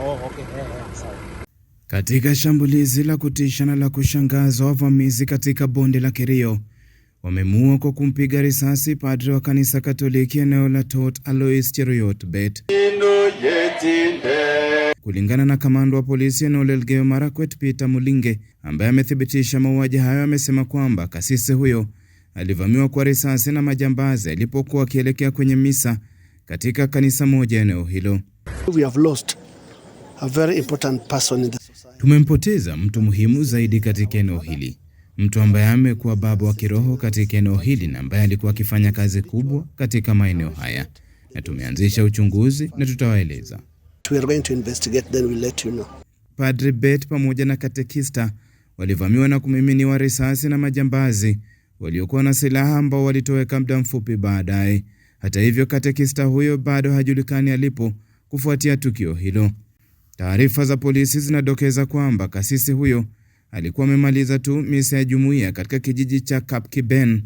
Oh, okay. Yeah, yeah. Katika shambulizi la kutisha na la kushangaza, wavamizi katika bonde la Kerio wamemua kwa kumpiga risasi padre wa kanisa Katoliki eneo la Tot Alois Cheruiyot Bet. Kulingana na kamanda wa polisi eneo la Elgeyo Marakwet Peter Mulinge, ambaye amethibitisha mauaji hayo, amesema kwamba kasisi huyo alivamiwa kwa risasi na majambazi alipokuwa akielekea kwenye misa katika kanisa moja eneo hilo. We have lost a very important person in the society. Tumempoteza mtu muhimu zaidi katika eneo hili, mtu ambaye amekuwa baba wa kiroho katika eneo hili na ambaye alikuwa akifanya kazi kubwa katika maeneo haya, na tumeanzisha uchunguzi na tutawaeleza. We are going to investigate, then we'll let you know. Padre Bet pamoja na katekista walivamiwa na kumiminiwa risasi na majambazi waliokuwa na silaha ambao walitoweka muda mfupi baadaye. Hata hivyo, katekista huyo bado hajulikani alipo kufuatia tukio hilo. Taarifa za polisi zinadokeza kwamba kasisi huyo alikuwa amemaliza tu misa ya jumuiya katika kijiji cha Kapkiben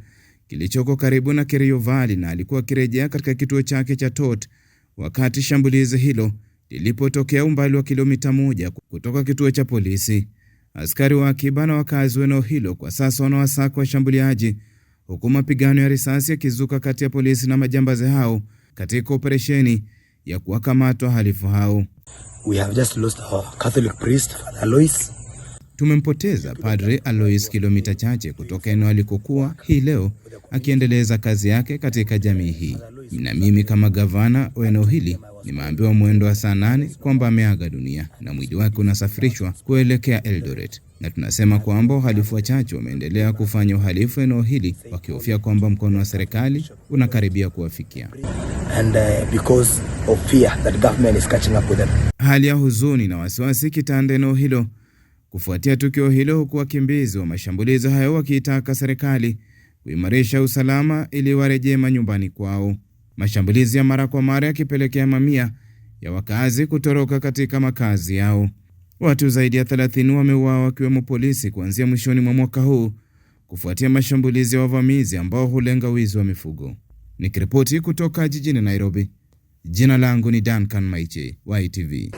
kilichoko karibu na Kerio Valley na alikuwa akirejea katika kituo chake cha Tot wakati shambulizi hilo lilipotokea umbali wa kilomita moja kutoka kituo cha polisi. Askari wa akiba na wakazi wa eneo hilo kwa sasa wanawasaka washambuliaji, huku mapigano ya risasi yakizuka kati ya polisi na majambazi hao katika operesheni ya kuwakamata wahalifu hao. We have just lost our Catholic priest, Alois. Tumempoteza Padre Alois kilomita chache kutoka eneo alikokuwa hii leo akiendeleza kazi yake katika jamii hii. Na mimi kama gavana wa eneo hili nimeambiwa mwendo wa saa nane kwamba ameaga dunia na mwili wake unasafirishwa kuelekea Eldoret, na tunasema kwamba wahalifu wachache wameendelea kufanya uhalifu eneo hili wakihofia kwamba mkono wa serikali unakaribia kuwafikia and uh, because of fear that government is catching up with them. Hali ya huzuni na wasiwasi kitanda eneo hilo kufuatia tukio hilo, huku wakimbizi wa mashambulizi hayo wakiitaka serikali kuimarisha usalama ili warejee manyumbani kwao. Mashambulizi ya mara kwa mara yakipelekea mamia ya wakazi kutoroka katika makazi yao. Watu zaidi ya 30 wameuawa wakiwemo polisi kuanzia mwishoni mwa mwaka huu kufuatia mashambulizi ya wavamizi ambao hulenga wizi wa mifugo. Nikiripoti kutoka jijini Nairobi, jina langu ni Duncan Maiche ytv ITV.